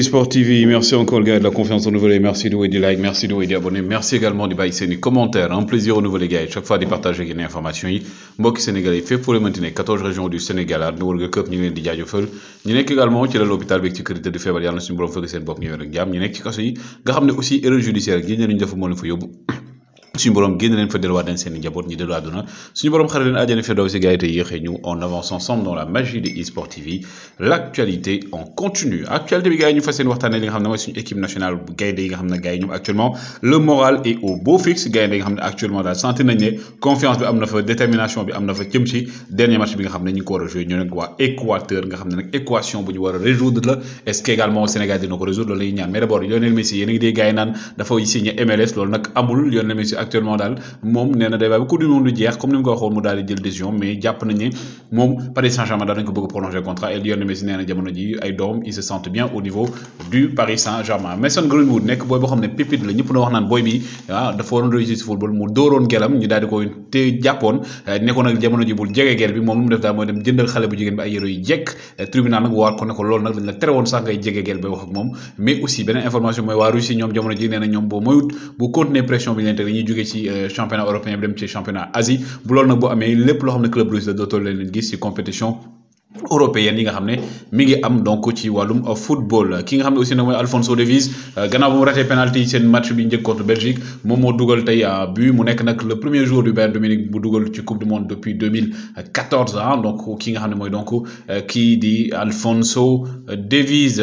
Sport TV, merci encore les gars de la confiance renouvelée, merci de vous et des likes, merci de vous et des merci également de baisser les commentaires, un hein. plaisir nouveau les gars, chaque fois de partager les informations yi mbokk Sénégalais, sénégalais fait pour le maintenir 14 régions du Sénégal ak Nouvelle Cup, ñu leen di jaajëfal ñu nekk également ci la l'hôpital beeg ci kër de février, yàlla na suñu borom fekk seen qui ñu wér ak ñu le ci yi nga aussi erreur judiciaire gi ñu ne ñu def moo le fa suñu borom génn leen fa delluwaat leen seen i njaboot ñu dellu àdduna suñu borom xare leen àjjana Firdawsi gars yi te yéexee ñu on avance ensemble dans la magie de e sport TV l'actualité en continu actualité bi gars ñu fas yéene waxtaanee li nga xam ne mooy suñu équipe nationale bu gaynde yi nga xam ne gars yi ñoom actuellement le moral est au beau fixe gaynde yi nga xam ne actuellement daal sentir nañ ne confiance bi am na fa détermination bi am na fa jëm ci dernier match bi nga xam ne ñu ngi ko war a joué ñu nag waa Équateur nga xam ne nag équation bu ñu war a résoudre la est-ce que également Sénégal dina ko résoudre loolu la ñuy ñaan mais d'abord Lionel Messi yéena ngi dee gars yi naan dafa signé MLS loolu nag amul Lionel Messi actuellement dal mom nee na day bàyyi ko du noonu lu comme ni mu ko waxoon mu dal di jël décision mais japp nañ ni mom Paris Saint-Germain daal nañ ko bëgg prolonger contrat et Lionel Messi nee na jamono ji ay doom ils se sentent bien au niveau du Paris Saint-Germain Mason Greenwood nek boy bo xamné ne pépite la ñëpp na wax naan boy bi waaw ah, fa waroon réussir si football mu dóoroon gelam ñu dal di ko té jàppoon eh, nekkoon nak jamono ji bu jege gel bi mom lu mu def da mooy dem jëndal xalé bu jigéen bi ay yére yu jekk eh, tribunal nak war ko ne lool nak dañ la téré won sax ngay jege gel bay wax ak mom mais aussi benen information moy wa Russie ñom jamono ji nee ñom bo moy bu continuer pression bi leen teg dañuy ci euh, championnat européen même championnat Asie bu loolu nag boo amee lépp loo xam club russe la leen compétition européenne yi nga xam ne mi ngi am donc ci walum football ki nga aussi nag mooy Alphonso Davies euh, gannaaw ba mu raté penalty match bi njëkk contre Belgique moom Dougal dougal tay euh, but mu nekk le premier jour du Bayern Dominique bu du ci coupe du monde depuis 2014 ans. Hein. donc ki nga xam qui dit donc kii di Alphonso Davies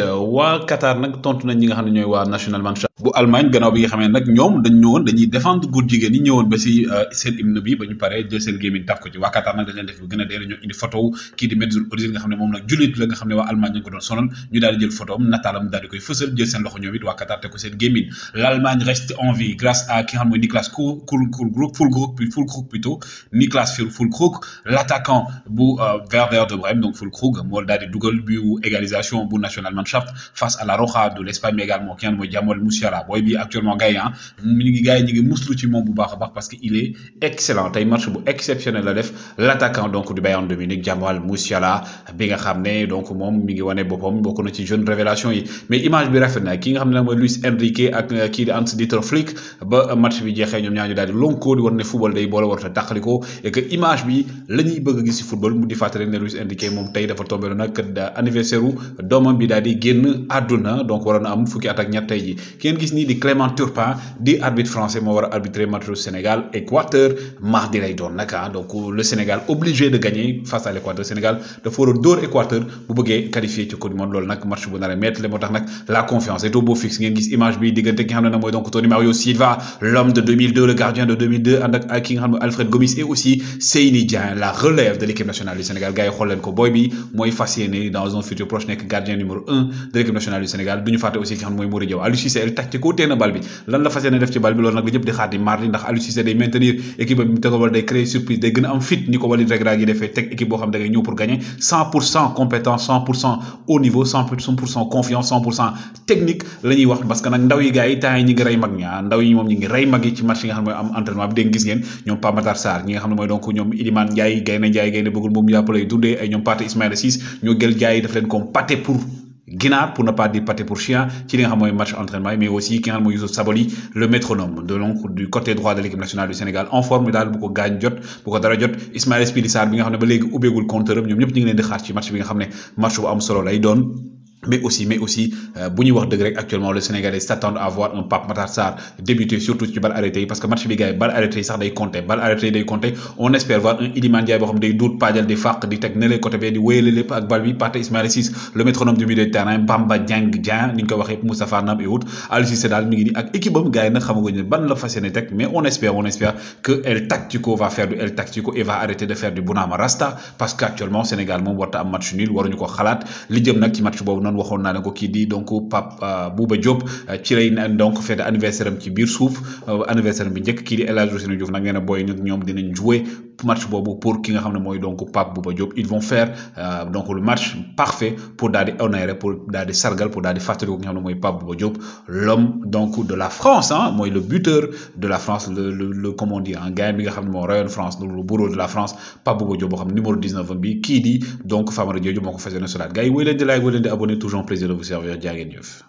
Qatar nag tontu nañ ñi nga xam national Manchester bu Allemagne gannaaw bi nga xamee nag ñoom dañ ñëwoon dañuy défendre góor jigéen ñi ñëwoon ba si euh, seen hymne bi ba ñu paree jël seen gémmiñ taf ko ci waa Qatar nag dañ leen def lu gën a dee dañoo indi photo kii di Mesut Ozil nga xam ne moom nag jullit la nga xam ne waa Allemagne ñu ko doon sonal ñu daal di jël photo am nataalam daal di koy fësal jël seen loxo ñoom it waa Qatar te ko seen gémmiñ l'Allemagne reste en vie grâce à ki nga xam mooy Niklas Füllkrug Füllkrug Füllkrug plutôt Niklas Füllkrug l'attaquant bu euh, Werder de Brême donc Füllkrug moo daal di dugal bu égalisation bu Nationalmannschaft face à la Roja de l'Espagne mais également ki nga xam mooy Jamal Musiala Diawara boy bi actuellement gars yi ah ñu ngi gars yi ngi muslu ci mom bu baax baax parce que il est excellent tay match bu exceptionnel la def l'attaquant donc du Bayern Dominique Jamal Musiala bi nga xamné donc mom mi ngi wane boppam bokk na ci jeune révélation yi mais image bi rafet na ki nga xamné moy Luis Enrique ak euh, ki di Hans-Dieter Flick ba match bi jeexee ñom ñaar ñu daal di lonko di wone football day boole warta tàqaliko et que image bi lañuy bëgg a gis si football mu di fàttali né Luis Enrique mom tay dafa tombé nak anniversaire u doomam bi daal di génn àdduna donc waroon am fukki at ñatt tay ji ji gis ni di Clément Turpin di arbitre français mo wara arbitrer match Sénégal Équateur mardi lay doon nak ah. donc le Sénégal obligé de gagner face à l'Équateur Sénégal de foro dor Équateur bu qualifier ci coupe du monde lol nak match bu nar mettre le tax la confiance et tout beau fixe ngeen gis image bi ki donc Tony Mario Silva l'homme de 2002 le gardien de 2002 and ak Alfred Gomis et aussi Seyni Dieng la relève de l'équipe nationale du Sénégal gars yi xool leen ko boy bi moy fasciné dans un futur proche nek gardien numéro 1 de l'équipe nationale du Sénégal duñu faté aussi ki xamna moy ne mooy tactico téye na bal bi lan la fas yéene def ci bal bi loolu nag la ñëpp di xaar di mardi ndax Aliou Cissé day maintenir équipe bi mu tegoo wala day créer surprise day gëna am fit niko ko Walid Regragui yi defee teg équipe bo xam da ngay ñëw pour gagner 100% compétence 100% au niveau 100% confiance 100% technique lañuy wax parce que nak ndaw yi gars yi temps yi ñi ngi ray mag ñaa ah, ndaw yi moom ñi ngi ray mag yi ci match yi nga xam moy am entraînement bi dégg gis ngeen ñoom Pape Matar Sarr ñi nga xam moy donc ñom Ilimane Ndiaye gayna na Ndiaye Gaye na bëggul moom yàppalay dundee ay ñom Pathé Ismaïla Ciss ñoo gël jaay yi daf leen comme pâté pour Génard, pour ne pas dire pour chien qui a nga match entraînement mais aussi qui a xam le métronome de du côté droit de l'équipe nationale du Sénégal en forme il bu ko Il jot bu ko a jot bi nga xam qui ba de match qui ñu ngi di match bi nga xam match mais aussi mais aussi euh, buñuy wax deug rek actuellement le Sénégalais s'attend à voir un Pape Matar Sarr débuter surtout ci bal arrêté parce que match bi gars yi bal arrêté yi sax day compter bal arrêté day compter on espère voir un Iliman Ndiaye bo xam day doute paajal di fàq di teg nële côté bi di wéyelé lépp ak bal bi Pathé ismaël Ciss le métronome du milieu de terrain Bamba Dieng Dieng niñ ko waxé waxee Moustapha Nam et autres Aliou Cissé dal mi ngi nii ak équipe am gars yi nag xamaguñu ne ban la fas tek mais on espère on espère que El Tactico va faire du El Tactico et va arrêter de faire du Bounama Rasta parce qu'actuellement Sénégal mom warta am match nul waruñu ko xalat li jëm nak ci match bobu noonu waxoon naa ko ki di donc Pape euh, Bouba Diop euh, ci lay donc fête anniversaire am ci biir souf euh, anniversaire bi njëkk ki di El Hadj Ousseynou Diouf nag boy na ñom dinañ jouer match bobu pour ki nga xamne moy donc Pape Bouba Diop ils vont faire donc le match parfait pour daal honorer pour daal di sargal pour daal di fàttali ko nga xamne moy mooy Pape Bouba Diop l'homme donc de la France hein moy le buteur de la France le le le comment dire un gars bi nga xamne mo moo rayoon France le bourreau de la France Pape Bouba Diop bo xamne numéro 19 bi ki di donc Famara diop moko fassé na yéene solaat gars yi wéy leen di like wéy leen di abonné toujours un plaisir de vous servir. Diagneuf.